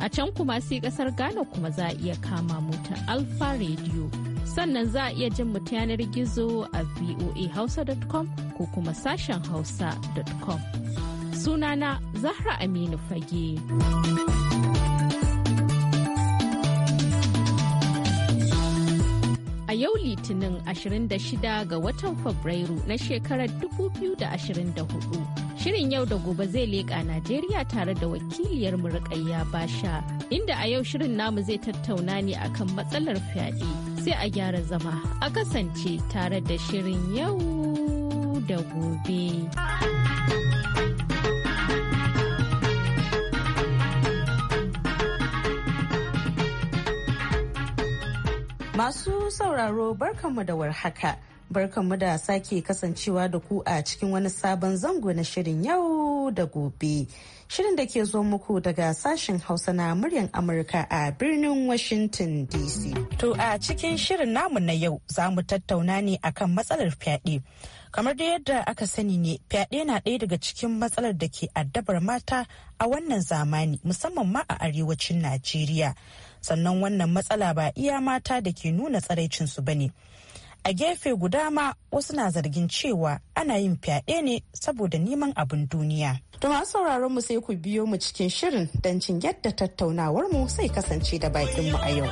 A can kuma sai kasar Ghana kuma za a iya kama mu ta Alpha Radio. Sannan za a iya jin mu ta yanar gizo a voahausa.com ko kuma sashen hausa.com. Sunana Zahra Aminu Fage. A yau Litinin 26 ga watan Fabrairu na shekarar 2024. Shirin yau da gobe zai leƙa Najeriya tare da wakiliyar Murƙayya Basha, inda a yau shirin namu zai tattauna ne akan matsalar fyaɗe. Sai a gyara zama a kasance tare da shirin yau da gobe. Masu sauraro barkanmu da warhaka. barkanmu da sake kasancewa da ku a cikin wani sabon zango na shirin yau da gobe. Shirin da ke zo muku daga sashen Hausa na muryan Amurka a birnin Washington DC. To a cikin shirin namu na yau za mu tattauna ne akan matsalar fyaɗe. Kamar da yadda aka sani ne fyaɗe na ɗaya daga cikin matsalar da ke addabar mata a wannan zamani musamman ma a arewacin Najeriya. Sannan wannan matsala ba iya mata da ke nuna tsaraicinsu ba ne. a gefe guda ma wasu na zargin cewa ana yin fyaɗe ne saboda neman abin duniya. To masu sauraron mu sai ku biyo mu cikin shirin dancin cin yadda tattaunawar mu sai kasance da bakin mu a yau.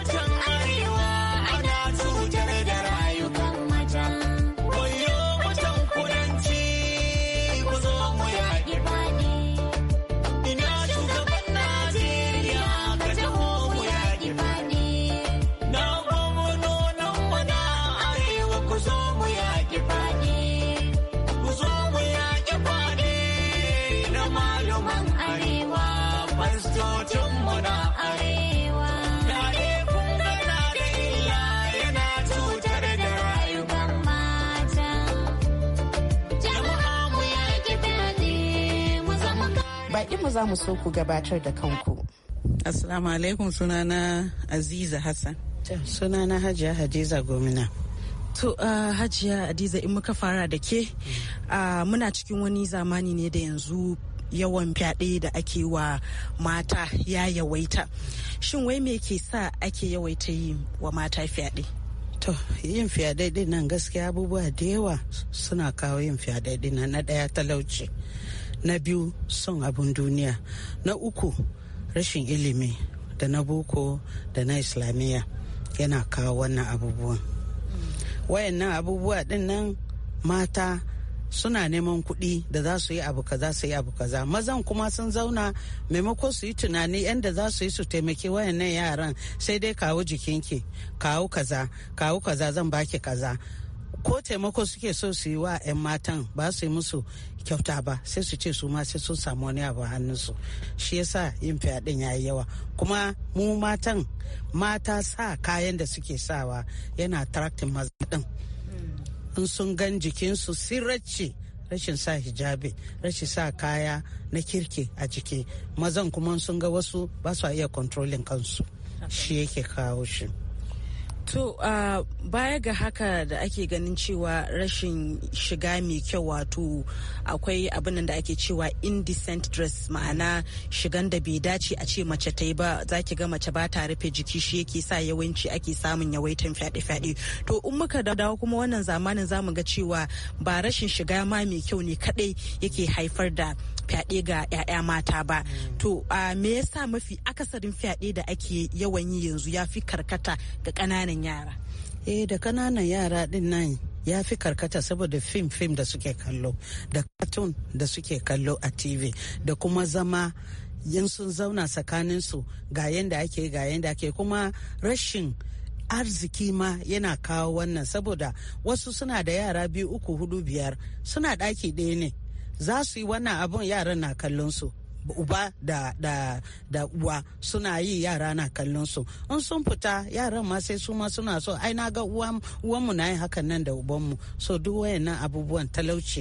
mu za mu so ku gabatar da kanku. Assalamu alaikum sunana Aziza Hassan. Sunana Hajiya Hadiza Gomina. To uh, Hajiya Hadiza in muka fara da ke uh, muna cikin wani zamani ne da yanzu yawan fyaɗe da ake wa mata ya yawaita. Shin wai me ke sa ake yawaita yi wa mata fyaɗe? To yin fyaɗe nan gaskiya abubuwa da yawa suna kawo yin fyaɗe nan na ɗaya talauci. na biyu son abin duniya na uku rashin ilimi da na boko da na islamiyya yana kawo wannan abubuwan wayannan abubuwa din nan mata suna neman kuɗi da za su yi abu kaza su yi abu kaza mazan kuma sun zauna maimako su yi tunani yadda za su yi su taimaki wayannan yaran sai dai kawo jikinki kawo kaza kawo kaza zan baki kaza ko taimako suke so su yi wa 'yan matan ba su yi musu kyauta ba sai su ce su ma sai sun samu wani abu hannunsu shi yasa yin fyaɗin ya yi yawa kuma mu matan mata sa kayan da suke sawa yana tractin maza ɗin hmm. in sun gan jikinsu sirrace rashin sa hijabi rashin sa kaya na kirki a jiki mazan kuma sun ga wasu ba su iya kontrolin kansu shi yake kawo shi. To uh, baya ga haka da ake ganin cewa rashin shiga mai kyau wato akwai abin da ake cewa indecent dress ma'ana shigan da bai dace a ce mace ta yi ba za ki ga mace ba ta rufe jiki shi yake sa yawanci ake samun yawaitan fyaɗe-fyaɗe. To in muka dawo kuma wannan zamanin zamu ga cewa ba rashin shiga ma mai kyau ne kaɗai yake haifar da fyaɗe ga 'ya'ya mata ba. To me yasa mafi akasarin fyaɗe da ake yawan yi yanzu ya fi karkata ga ƙananan yara eh da ƙananan yara din nan ya fi karkata saboda fim-fim da suke kallo da cartoon da suke kallo a tv da kuma zama yin sun zauna tsakaninsu ga yadda ake ga yadda ake kuma rashin arziki ma yana kawo wannan saboda wasu suna da yara biyu uku hudu biyar suna ɗaki ɗaya ne za su yi wannan abun yaran na kallon su uba da da da uwa suna yi yara na kallon su in sun fita yaran ma sai su ma suna so ai na ga uwan mu na yi hakan nan da uban mu so duk wayannan abubuwan talauci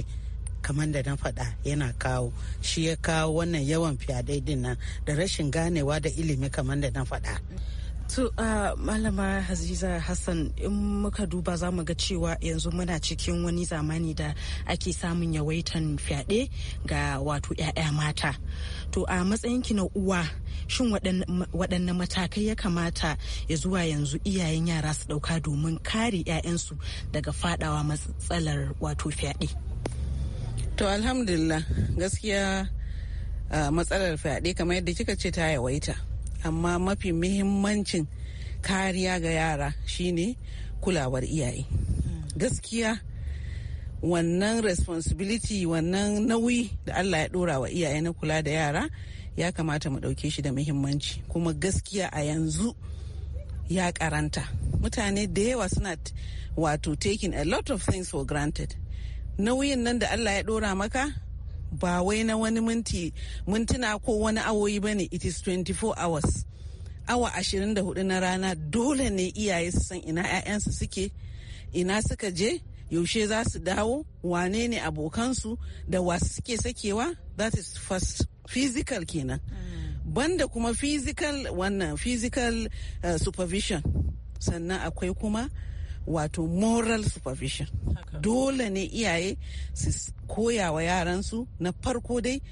kamar da na faɗa yana kawo shi ya kawo wannan yawan fyaɗe din nan da rashin ganewa da ilimi kamar da na faɗa To uh, malama Haziza Hassan in muka duba za mu ga cewa yanzu muna cikin wani zamani da ake samun yawaitan fyaɗe ga wato 'ya'ya mata. To a matsayin matsayinki na uwa shin waɗanne matakai ya kamata ya zuwa yanzu iyayen yara su ɗauka domin kare 'ya'yansu daga faɗawa matsalar wato fyaɗe? To alhamdulillah gaskiya uh, matsalar fyaɗe kamar yadda kika ce ta yawaita. amma mafi muhimmancin kariya ga yara shine kulawar iyaye gaskiya wannan responsibility wannan nauyi da allah ya dora wa iyaye na kula da yara ya kamata mu ɗauke shi da muhimmanci kuma gaskiya a yanzu ya karanta mutane da yawa suna wato taking a lot of things for granted nauyin nan da allah ya dora maka ba wai na wani minti mintuna ko wani awoyi ba ne it is 24 hours awa 24 na rana dole ne iyaye su san ina 'ya'yansu suke ina suka je yaushe za su dawo wane ne abokansu da wasu suke sakewa that is first physical kenan mm. banda kuma physical wannan physical uh, supervision sannan akwai kuma wato moral supervision dole ne iyaye su koya wa yaransu na farko dai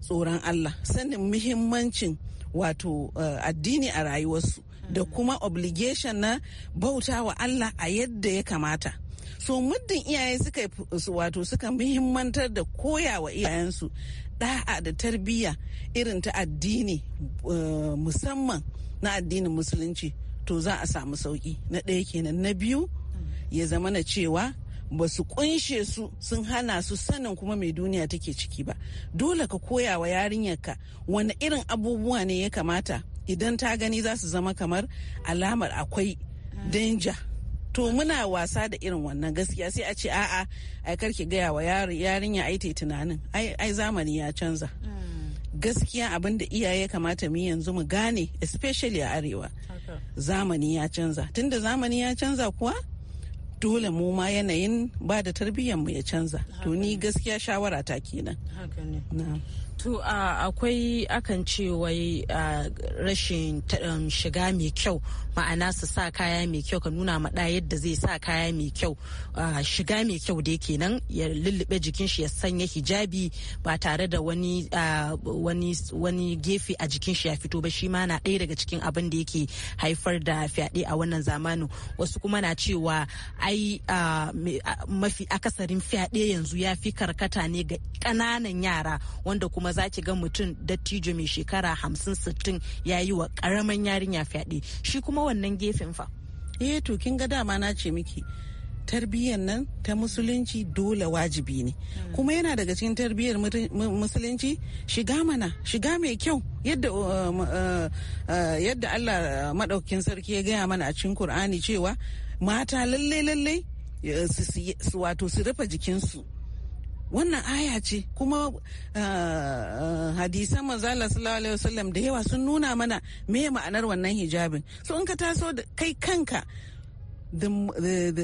tsoron Allah sanin muhimmancin wato eh, addini a rayuwarsu da hmm. kuma obligation na bauta wa Allah a yadda ya kamata. So muddin iyaye suka wato suka muhimmantar da koya wa iyayensu da'a da tarbiyya irin ta addini eh, musamman na addinin musulunci. to za a samu sauki na ɗaya kenan na biyu ya zama na cewa ba su kunshe su sun hana su sanin kuma mai duniya take ciki ba dole ka koya wa yarinyarka wani irin abubuwa ne ya kamata idan ta gani za su zama kamar alamar akwai danger to muna wasa da irin wannan gaskiya sai a ce a'a ai ki gaya wa yarinya ai ta tunanin ai zamani ya canza mm. gaskiya abin da iyaye kamata mu yanzu mu gane especially a arewa zamani ya canza tunda zamani ya canza kuwa dole mu ma yanayin ba da tarbiyyar mu ya canza to ni gaskiya shawara ta kenan To akwai akan ce wai rashin um, shiga mai kyau ma'ana su sa kaya mai kyau ka nuna maɗa yadda zai sa kaya mai kyau shiga mai kyau da yake nan ya lullube jikin shi ya sanya hijabi ba tare da wani gefe a jikin shi ya fito ba shi ma na ɗaya daga cikin abin da yake haifar da fyaɗe a wannan zamanin wasu kuma na cewa ai mafi akasarin fyaɗe yanzu ya fi karkata ne ga ƙananan yara wanda kuma kuma za ki ga mutum dattijo mai shekara hamsin sittin ya yi wa karaman yarinya fyaɗe shi kuma wannan gefen fa eh to kin ga dama na ce miki tarbiyyar nan ta musulunci dole wajibi ne hmm. kuma yana daga cikin tarbiyyar musulunci shiga mana shiga mai kyau yadda uh, uh, uh, yadda Allah maɗaukin sarki ya gaya mana a cikin Kur'ani cewa mata lallai lallai su wato su rufe jikinsu wannan aya ce kuma ah, ah, hadisan manzala sallallahu alaihi wasallam da yawa sun nuna mana me ma'anar wannan hijabin so in ka taso kai kanka the,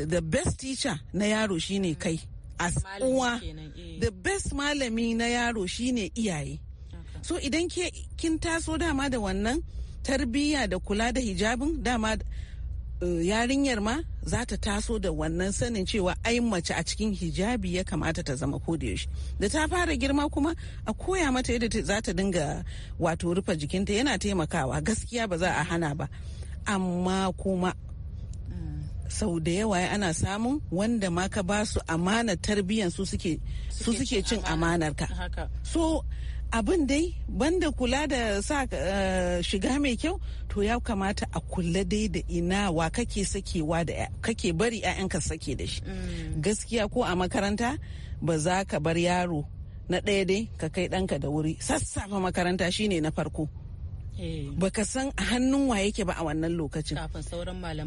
the best teacher na yaro shine mm. kai as uwa eh. the best malami na yaro shine iyaye so idan kin taso dama da wannan tarbiyya da kula da hijabin dama Eh, yarinyar ma za ta taso da wannan sanin cewa ai mace a cikin hijabi ya kamata ta zama ko da yaushe da ta fara girma kuma a koya mata yadda za ta dinga wato rufe jikinta yana taimakawa gaskiya ba za a hana ba amma kuma sau da yawa ana samun wanda ma ka ba su amanar tarbiyyar su suke cin amanarka so abin dai banda kula da sa eh, shiga mai kyau to ya kamata a kula dai da ina wa kake sakewa da kake bari 'ya'yanka sake da shi mm. gaskiya ko a makaranta ba za ka bar yaro na ɗaya dai ka kai ɗanka da wuri sassafa makaranta shine na farko Eh. baka san hannun wa yake ba a wannan lokacin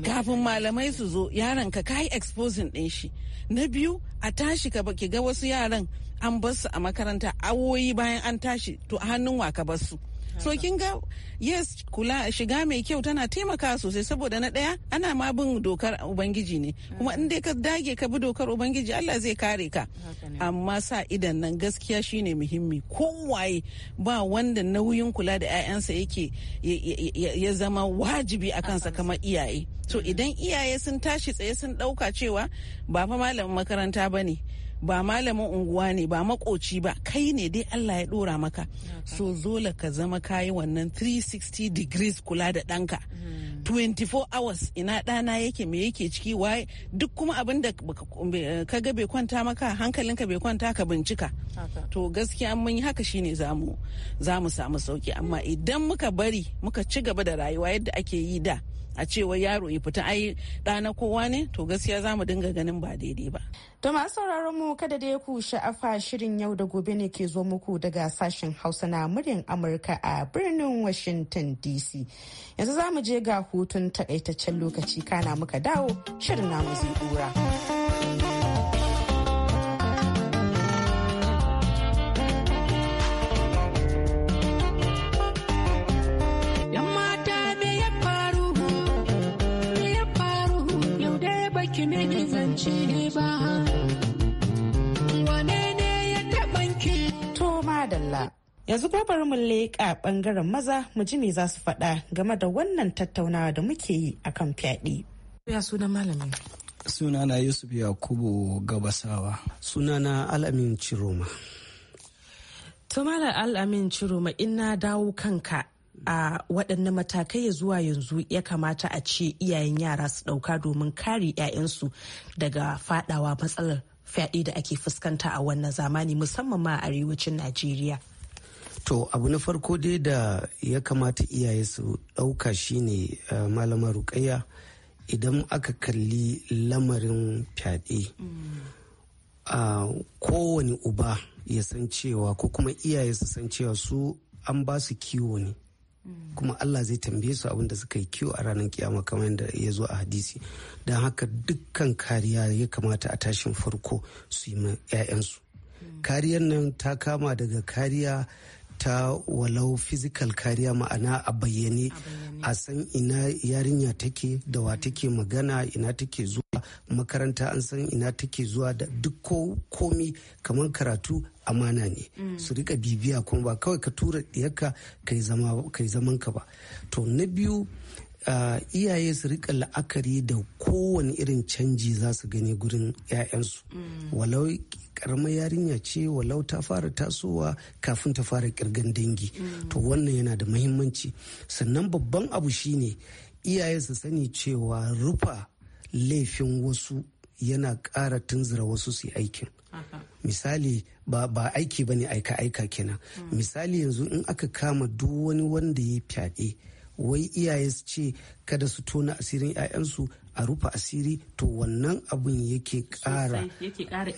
kafin malamai su zo yaron ka kai exposing din shi na biyu a tashi ka ki ga wasu yaran an bar su a makaranta awoyi bayan an tashi to a hannun wa ka bar su so kin ga yes kula shiga mai kyau tana taimaka sosai saboda na daya ana ma bin dokar ubangiji ne kuma in dai ka dage ka bi dokar ubangiji Allah zai kare ka amma sa idan nan gaskiya shine muhimmi kowaye ba wanda nauyin kula da ƴaƴansa yake ya zama wajibi a kansa kamar iyaye to mm. idan iyaye sun tashi tsaye sun dauka cewa ba fa malamin makaranta bane ba malamin unguwa ne ba makoci ba kai ne dai Allah ya dora maka so zola ka zama kayi wannan 360 degrees kula da ɗanka 24 hmm. hours ina ɗana yake me yake ciki waye duk kuma abin da ka ga bai kwanta maka hankalinka bai kwanta ka bincika to gaskiya mun yi haka shine zamu zamu samu sauki amma idan muka bari muka ci gaba da rayuwa yadda ake yi da a cewa yaro ya fita ai ɗana kowa ne to gaskiya za mu dinga ganin ba daidai ba. To masu sauraron mu kada da ya ku sha'afa shirin yau da gobe ne ke zo muku daga sashen Hausa na muryar Amurka a birnin Washington DC. Yanzu za mu je ga hutun takaitaccen lokaci kana muka dawo shirin namu zai dura. shi ba ya ki to yanzu ko bari mu leƙa ɓangaren maza mu ji me za su faɗa game da wannan tattaunawa da muke yi akan fyaɗe. Ya suna malami. na Yusuf Yakubu Gabasawa. Suna na Al'amin Ciroma. Tumala Al'amin Ciroma in na dawo kanka a waɗannan matakai ya zuwa yanzu ya kamata a ce iyayen yara su ɗauka domin kare 'ya'yansu daga faɗawa matsalar fyaɗe da ake fuskanta a wannan zamani musamman ma a arewacin najeriya to abu na farko dai da ya kamata iyaye su ɗauka shine malamar eh, malama rukayya idan aka kalli lamarin fyaɗe a kowane uba ya san cewa ko kuma iyaye su san cewa su an ba su kiwo ne kuma Allah zai tambaye su abin da suka yi kiwo a ranar kiyama kamar yadda ya zo a hadisi don haka dukkan kariya ya kamata a tashin farko su yi ma 'ya'yansu kariyar nan ta kama daga kariya ta walau physical kariya ma'ana a bayyane a san ina yarinya take da wa take magana ina take zuwa makaranta an san ina take zuwa da duk komi kamar karatu amana ne mm. su rika bibiya kuma ba kawai ka tura ɗiyarka kai zaman ka ba to na biyu iyaye su rika la'akari da kowane irin canji za su gani gurin 'ya'yansu walau karamar yarinya ce walau ta fara tasowa kafin ta fara kirgan dangi to wannan yana da mahimmanci sannan babban abu shine iyaye su sani cewa rufa laifin wasu yana ƙara tunzura wasu su aikin misali ba, ba aiki bane aika-aika kenan mm. misali yanzu in aka kama duk wani wanda ya fyaɗe wai iyaye su ce kada su tona asirin 'ya'yansu a rufe asiri to wannan abin yake kara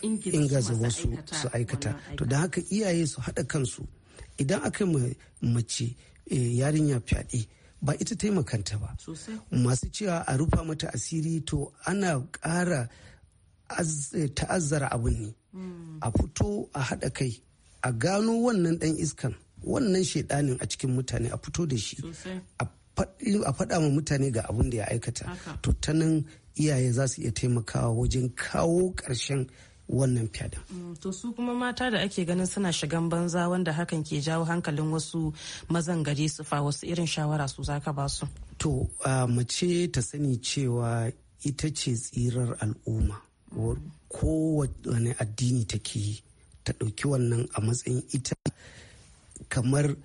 ingaza wasu su aikata to da haka iyaye su haɗa kansu idan aka mace eh, yarinya fyaɗe ba ita taimakanta ba masu cewa a rufe mata asiri to ana ƙara ta'azzara abin ne hmm. a fito a haɗa kai a gano wannan ɗan iskan wannan shaidanin a cikin mutane a fito da shi a faɗa ma mutane ga abin da ya aikata to ta nan iyaye za su iya taimakawa wajen kawo ƙarshen wannan fyaɗen. Mm, to su kuma mata da ake ganin suna shigan banza wanda hakan ke jawo hankalin wasu mazan gari su fa wasu irin shawara su zaka ba su. To a mace ta sani cewa ita ce tsirar al'umma ko mm. kowane addini take ta ɗauki wannan a matsayin ita kamar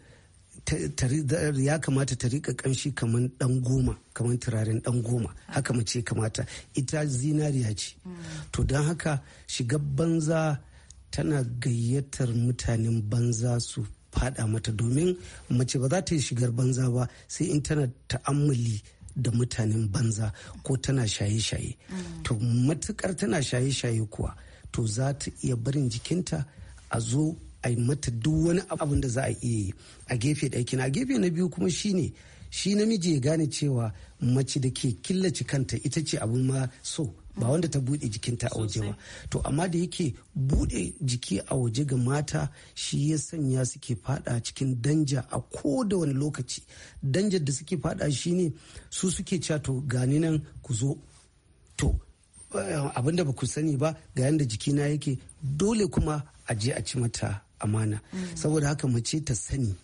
ya kamata ta rika kamshi kamar dan goma kamar turaren dan goma haka mace kamata ita zinariya ce to don haka shiga banza tana gayyatar mutanen banza su fada mata domin mace ba za ta yi shigar banza ba sai in tana ta'ammali da mutanen banza ko tana shaye-shaye to matukar tana shaye-shaye kuwa to za ta iya barin jikinta a zo a yi mata duk wani abin da za a iya yi a gefe ɗakin a gefe na biyu kuma shine shi namiji ya gane cewa mace da ke killace kanta ita ce abin ma so ba wanda ta buɗe jikinta a waje ba to amma da yake buɗe jiki a waje ga mata shi ya sanya suke fada cikin danja a ko da wani lokaci danjar da suke fada shi ne su suke cewa to gani nan ku zo to eh, abinda ba ku sani ba ga yadda jikina yake dole kuma a je a ci mata amana mm. saboda haka mace ta sani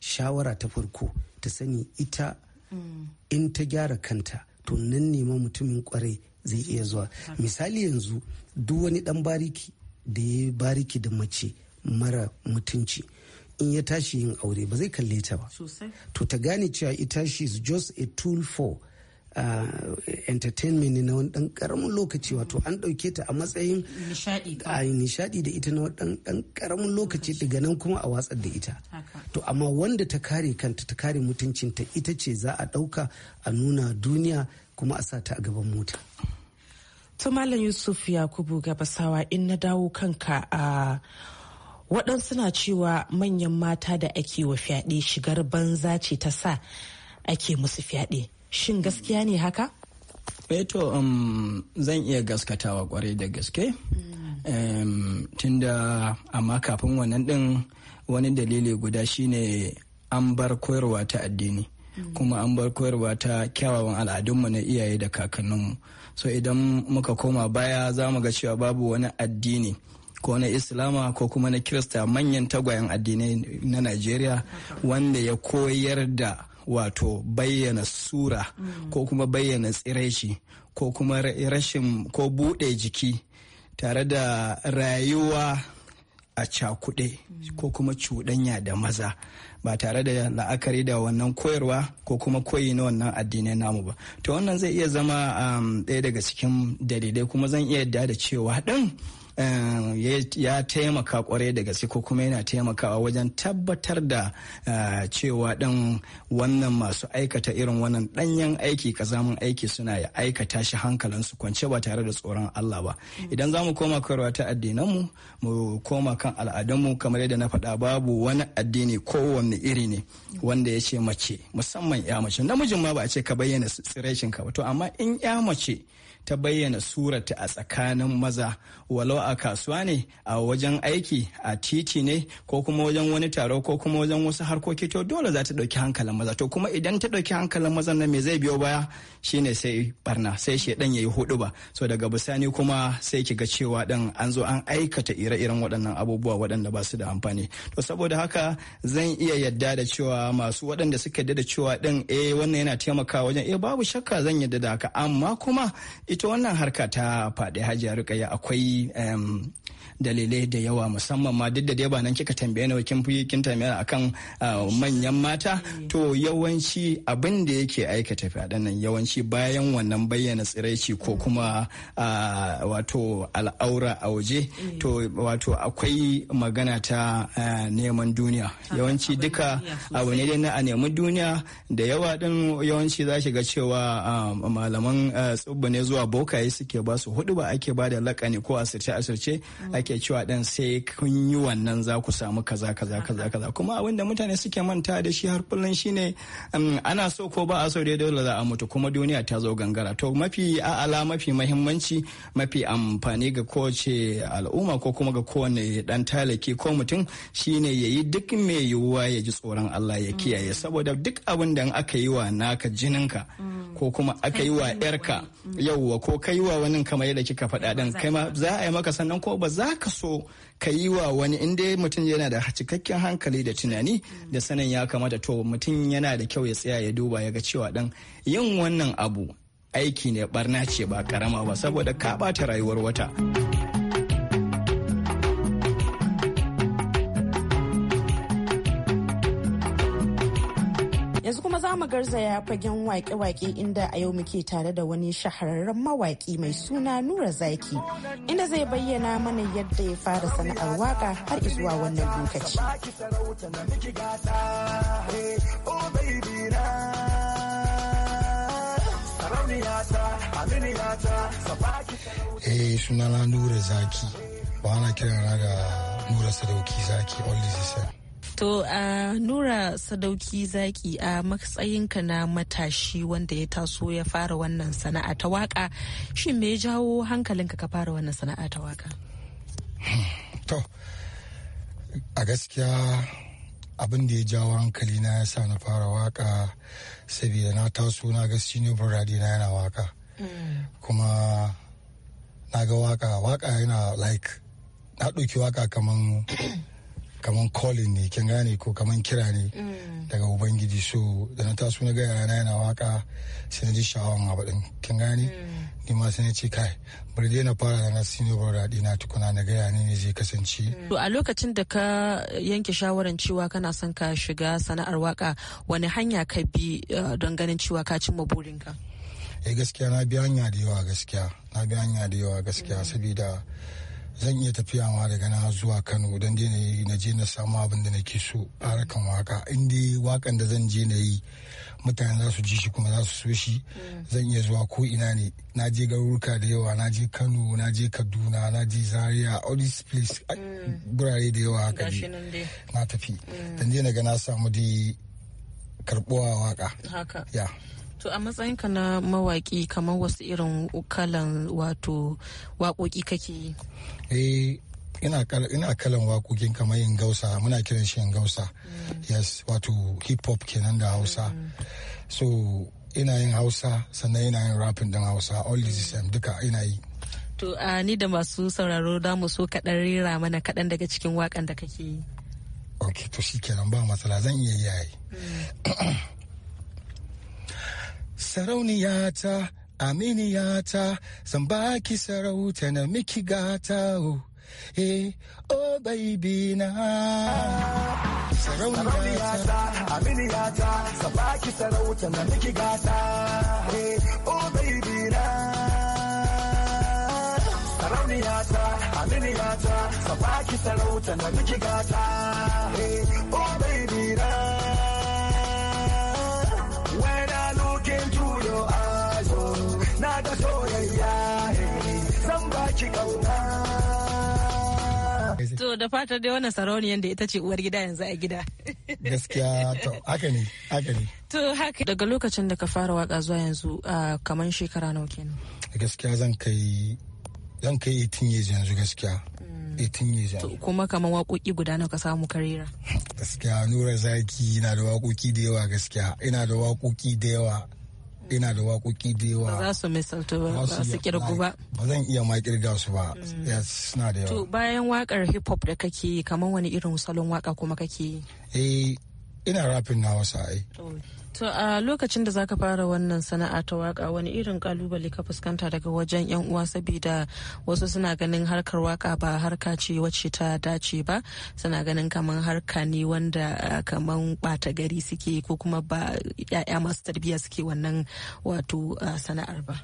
shawara ta farko ta sani ita mm. in ta gyara kanta to nan neman mutumin kwarai zai iya zuwa misali yanzu duk wani dan bariki da ya bariki da mace mara mutunci in ya tashi yin aure ba zai kalle ta ba to ta gane cewa ita shi is just a tool for Eh, entertainment na wani dan karamin lokaci wato an ɗauke ta a matsayin nishadi da ita na wani dan karamin lokaci daga nan kuma a watsar da ita to amma wanda ta kare kanta ta kare mutuncinta ita ce za a ɗauka a nuna duniya kuma a sa ta a gaban mota to malam yusuf yakubu gabasawa in na dawo kanka a waɗansu na cewa manyan mata da ake wa fyaɗe shigar banza ce ta sa ake musu fyaɗe shin gaskiya ne haka eto eh um, zan iya gaskatawa kwarai da gaske mm. um, tunda amma kafin wannan din wani dalili guda shine an bar koyarwa ta addini Mm kuma an bar koyarwa ta kyawawan al'adunmu na iyaye da kakanninmu so idan muka koma baya za mu ga cewa babu wani addini ko na islama ko kuma na kirista manyan tagwayen addinai na najeriya wanda ya koyar da wato bayyana sura mm. ko kuma bayyana tsiraici ko kuma rashin ko buɗe jiki tare da rayuwa a cakuɗe mm. ko kuma cuɗanya da maza ba tare da la'akari da wannan koyarwa ko kuma koyi na wannan addinai namu ba to wannan zai iya zama um, ɗaya daga cikin dalilai kuma zan iya yadda da cewa ɗin Eh, ya taimaka kwarai da gaske ko kuma yana taimakawa wajen tabbatar da eh, cewa dan wannan masu aikata irin wannan danyen aiki kazamin aiki suna ya aikata shi hankalinsu kwance ba tare da tsoron Allah ba idan zamu koma koyarwa ta addinanmu mu koma kan al'adunmu kamar yadda na faɗa babu wani addini ko wani iri ne wanda ya ce mace musamman ya mace namijin ma ba a ce ka bayyana tsirashin ka ba to amma in ya mace ta bayyana surata a tsakanin maza walau a kasuwa ne a wajen aiki a titi ne ko kuma wajen wani taro ko kuma wajen wasu harkoki to dole za ta ɗauki hankalin maza to kuma idan ta ɗauki hankalin maza na me zai biyo baya shine sai barna sai shedan ya yi hudu ba so daga bisani kuma sai ki ga cewa dan an zo an aikata ire-iren waɗannan abubuwa waɗanda ba su da amfani to saboda haka zan iya yadda da cewa masu waɗanda suka yadda da cewa ɗin eh wannan yana taimakawa wajen eh babu shakka zan yadda da haka amma kuma ita wannan harka ta faɗi hajiya rukaya akwai dalilai da yawa musamman ma duk da dai ba nan kika tambaye nawa kin fi kin tambaya akan manyan mata to yawanci abin da yake aikata fyaɗe nan yawanci bayan wannan bayyana tsiraici ko kuma wato al'aura a waje to wato akwai magana ta neman duniya yawanci duka abu ne dai na a nemi duniya da yawa din yawanci za ga cewa malaman tsubba ne zuwa abokai bokaye suke ba su hudu ba ake ba da lakani ko asirce asirce ake cewa dan sai kun yi wannan za ku samu kaza kaza kaza kaza kuma abin da mutane suke manta da shi har kullun shine um, ana so ko ba a so dai dole za a mutu kuma duniya ta zo gangara to mafi a'ala mafi mahimmanci mafi amfani ga kowace al'umma ko kuma ga kowane dan talaki ko mutum shine ya yi duk mai yiwuwa ya ji tsoron Allah ya kiyaye saboda duk abin da aka yi wa naka jininka ko kuma aka yi wa yarka yauwa wa ko kai wa wani kamar yadda kika faɗa ɗin kai ma za a yi maka sannan ko ba za ka so ka yi wa wani in dai mutum yana da cikakken hankali da tunani da sanin ya kamata to mutum yana da kyau ya tsaya ya duba ya ga cewa ɗan yin wannan abu aiki ne barna ce ba karama ba saboda ka ɓata rayuwar wata. za mu ya fagen waƙe-waƙe inda a yau muke tare da wani shahararren mawaki mai suna Nura Zaki inda zai bayyana mana yadda ya fara sana'ar waka har zuwa wannan lokaci. Eh sunana Nura Zaki ba ana kirana ga Nura Sadauki Zaki all this To a Nura Sadauki Zaki a matsayinka na matashi wanda ya taso ya fara wannan sana'a ta waka shi me ya jawo hankalinka ka fara wannan sana'a ta waka? To a gaskiya abin da ya jawo hankali na ya sa na fara waka saboda na taso na ga senior brother na yana waka mm. kuma na ga waka waka yana like na ɗauki waka kaman kaman calling ne kin gane ko kaman kira ne mm. daga ubangiji so da na taso na gaya na yana waka sai na ji sha'awan abu din kin gane mm. ni ma sai na ce kai bari dai na fara na bar brother na tukuna na gaya ne ne zai kasance mm. to a lokacin da ka yanke shawaran cewa kana son ka shiga sana'ar waka wani hanya ka bi eh, don ganin cewa ka cimma burinka eh gaskiya na bi hanya da yawa gaskiya na bi hanya da yawa gaskiya saboda zan iya tafiya ma daga na zuwa kano don je na yi na je na samu abin da nake so a harkan waka in dai wakan da zan je na yi mutane za su ji shi kuma za su so shi mm. zan iya zuwa ko ina ne na je garuruka da yawa na je kano na je kaduna na je zaria all these place mm. gurare da yawa haka ne na tafi mm. dan je na ga na samu da karbuwa waka To a matsayinka na mawaki kamar wasu irin kalan wato waƙoƙi kake yi? Eh, ina kalan waƙoƙin kamar yin gausa muna kiran shi yin gausa. Mm. Yes wato hip hop kenan da Hausa. Mm. So ina yin Hausa sannan ina yin rapping din Hausa all the same um, duka ina yi. To a ni da masu sauraro da mu so kaɗan rera mana kaɗan daga cikin waƙan da kake yi. Ok to shi kenan ba matsala zan iya yayi. sarauniyata aminiyata san baki sarauta na miki gata o oh, eh oh baibi na sarauniyata aminiyata san baki sarauta na miki gata eh oh baibi na sarauniyata aminiyata san baki sarauta na miki gata eh oh baibi na ga soyayya eh, zan baki kauna to da fatar dai wannan sarauniyar da ita ce uwar gida yanzu a gida gaskiya to haka ne haka ne to haka daga lokacin da ka fara waka zuwa yanzu kamar shekara nawa kenan gaskiya zan kai zan kai 18 years yanzu gaskiya 18 mm. years To kuma kamar waƙoƙi guda nawa ka samu karira. gaskiya nura zaki na da waƙoƙi da yawa gaskiya ina da waƙoƙi da yawa ina da waƙoƙi da yawa ba za su misalta ba su kirgu ba ba zan iya ma kirga su ba mm. suna da yawa to bayan wakar hip hop da kake kamar wani irin salon waka kuma kake eh ina rafin na wasa eh To a lokacin da zaka fara wannan sana'a ta waka wani irin kalubale ka fuskanta daga wajen yan uwa saboda wasu suna ganin harkar waka ba harka ce wacce ta dace ba suna ganin kamar harka ne wanda kamar bata gari suke ko kuma ba ya'ya masu tarbiyya suke wannan wato sana'ar ba.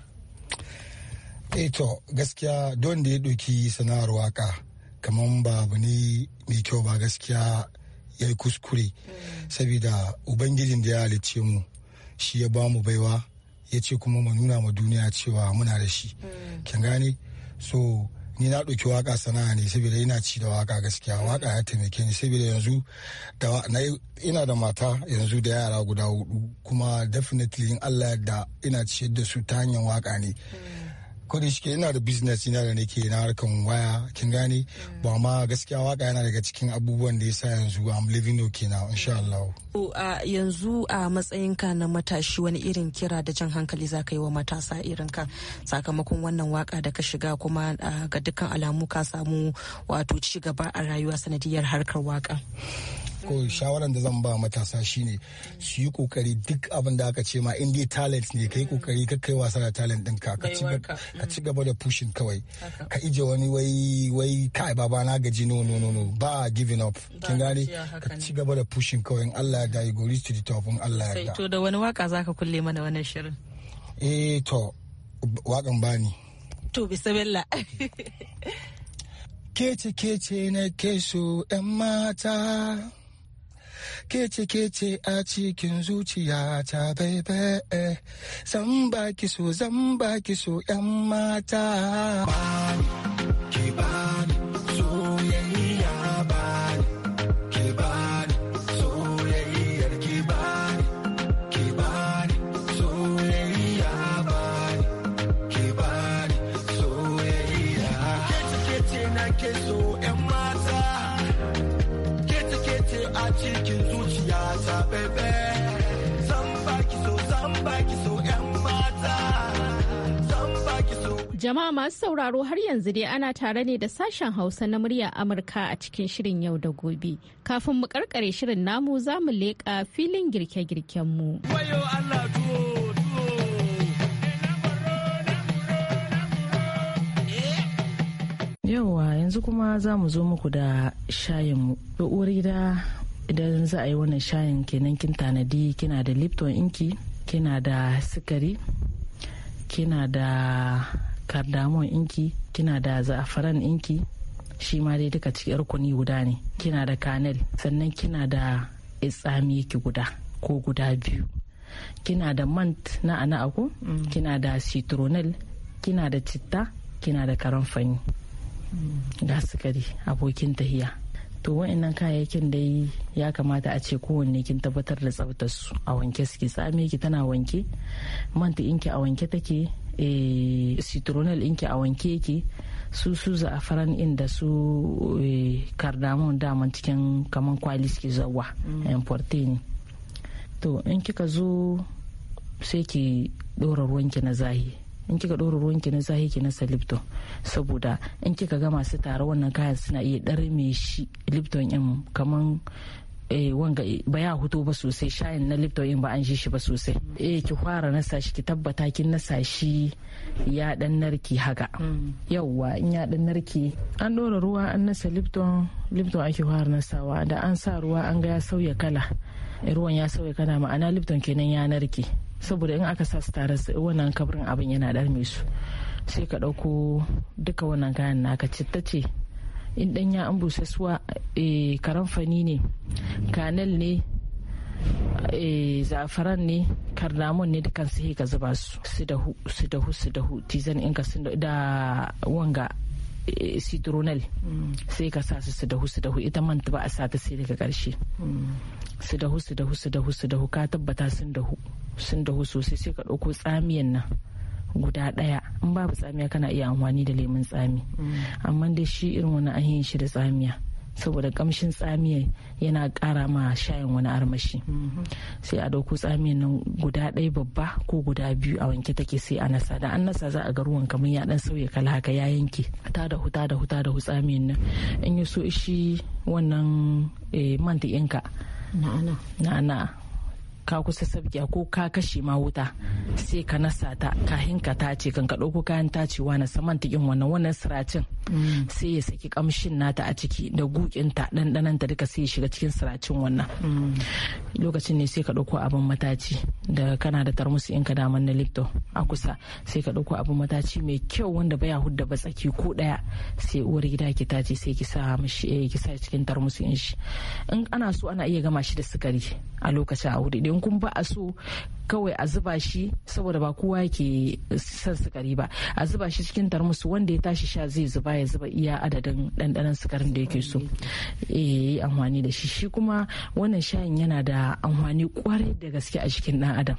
Eh to gaskiya don da ya doki sana'ar waka kamar ba abu ne mai kyau ba gaskiya ya yi kuskure mm. saboda ubangijin da ya halice mu shi ya ba mu baiwa ya ce kuma mu nuna ma duniya cewa muna da shi mm. kin gane so ni na ɗauki waka sana'a ne saboda ina ci da waka gaskiya mm. waka ya taimake ni saboda yanzu da ina da mata yanzu da yara guda hudu kuma definitely in Allah da ina ci da su ta hanyar waka ne ko shi ke ina da business ina da nake na harkan waya kin gane ba ma gaskiya waka yana daga cikin abubuwan da yasa yanzu am living okay now insha Allah yanzu a matsayinka na matashi wani irin kira da jan hankali za ka yi wa matasa irin ka sakamakon wannan waka da ka shiga kuma ga dukkan alamu ka samu wato ci gaba a rayuwa sanadiyar harkar waka ko shawaran da zan ba matasa shine su yi kokari duk abin da aka ce ma in dai talent ne kai kokari ka kai wasa da talent din ka ka ci gaba da pushing kawai ka ije wani wai wai kai baba na gaji no no no no ba giving up kin gane ka ci gaba da pushing kawai in Allah ya da gori to the top in Allah ya da to da wani waka zaka kulle mana wannan shirin eh to wakan bani to bismillah kece kece na keso 'yan mata kece kece a cikin zuciya ta baibe eh. zan baki so zan baki so yan mata ki ba cikin zuciya ta jama'a masu sauraro har yanzu dai ana tare ne da sashen hausa na murya amurka a cikin shirin yau da gobe kafin mu karkare shirin namu za mu leƙa filin girke-girken mu yauwa yanzu kuma za mu zo muku da shayinmu uwar gida idan za a yi wannan shayin kenan kin tanadi kina da lipton inki kina da sikari kina da kardamon inki kina da za'afaran inki shi ma dai duka cikin rukuni guda ne kina da kanel sannan kina da itsami ki guda ko guda biyu kina da mant na ana mm. kina da citronel kina da citta kina da karamfani mm. ga sukari abokin tahiya to wa'annan kayayyakin da ya kamata a ce kowanne kin tabbatar da tsaftar su a wanke suke tsame ki tana wanke manta inki a wanke take eh, citronel inki a wanke yake su su za'afaran inda su kardamon eh, daman cikin kaman kwali suke zawa mm. to in kika zo sai ki ɗora ruwanki na zahi in kika ɗora ruwan ki na zahi ki na lipton saboda in kika ga masu tara wannan kayan suna iya me shi lipton ɗin kaman eh, wanga eh, ba ya huto ba sosai shayin na lipton ɗin ba an ji shi ba sosai eh ki fara sa shi ki tabbata kin sa shi ya dan narki haka mm. yauwa in ya dan narki an ɗora ruwa an nasa lipton lipton ake fara nasawa da an sa ruwa an ga ya sauya kala ruwan ya sauya kala ma'ana lipton kenan ya narki saboda in aka sa su tare wannan kabrin abin yana mai su sai ka ɗauko duka wannan kayan naka citta ce in dan ɗanya an busassuwa eh, karamfani ne kanel ne eh, zafaran ne karnamon ne dukan sai ka zuba su su dahu su dahu su dahu tizan in ka da wanga Eh, citronel mm. sai ka sa su su dahu su dahu ita manta ba a sa ta sai daga karshe mm. su dahu su dahu su dahu su dahu ka tabbata sun dahu sun dahu sosai sai ka ɗauko tsamiyan nan guda ɗaya in babu tsamiya kana iya amfani da lemun tsami mm. amma dai shi irin wani ahin shi da tsamiya saboda kamshin tsamiya yana kara ma shayin wani armashi mhm. sai a dauko tsamiyan nan guda ɗaya babba ko guda biyu a wanke take sai a nasa da an nasa za a ga ruwan kamar ya dan sauya kala haka ya yanke ta da huta da huta da tsamiyan nan in ya so shi wannan eh, manta yanka na'ana ka kusa sabgiya ko ka kashe ma wuta sai ka nasa ta kahin ka tace kan ka ɗauko kayan tacewa na saman tikin wannan wannan siracin mm. sai ya saki kamshin nata a ciki da gukinta ɗanɗanan ta duka sai ya shiga cikin siracin wannan mm. lokacin ne sai ka ɗauko abin mataci da kana da tarmusi in ka daman na lifto a kusa sai ka ɗauko abin mataci mai kyau wanda baya hudda ba tsaki ko ɗaya sai uwar gida ki ce sai ki sa mishi eh, ki sa cikin tarmusi in shi in ana so ana iya gama shi da sukari a lokacin a wuri in kun ba a so kawai a zuba shi saboda ba kowa yake son sukari ba a zuba shi cikin tarmus wanda ya tashi sha zai zuba ya zuba iya adadin ɗanɗanon sukarin da yake so eh amfani da shi shi kuma wannan shayin yana da amfani kwarai da gaske a cikin ɗan adam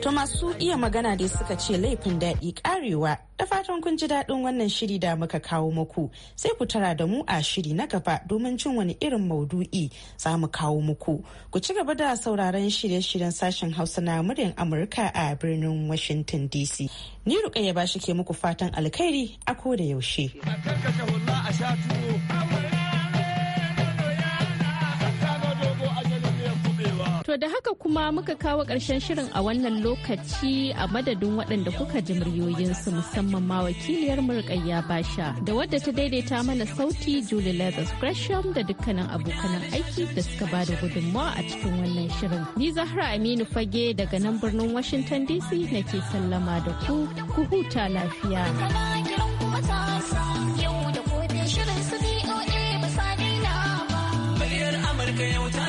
To masu iya magana dai suka ce laifin daɗi ƙarewa da fatan kun ji daɗin wannan shiri da muka kawo muku sai ku tara da mu a shiri na gaba domin cin wani irin maudu'i za mu kawo muku. Ku ci gaba da sauraron shirye-shiryen sashen Hausa na muryar Amurka a birnin Washington DC. Ni ruƙayya ba shi ke muku fatan alkhairi a ko da yaushe. da haka kuma muka kawo ƙarshen shirin a wannan lokaci a madadin waɗanda kuka ji muryoyinsu musamman ma wakiliyar murƙayya basha da wadda ta daidaita mana sauti Julie lagos Gresham da dukkanin abokanan aiki da suka ba da gudunmawa a cikin wannan shirin. Ni Zahra Aminu Fage daga nan birnin Washington DC nake sallama da ku, ku huta lafiya. Amurka yau ta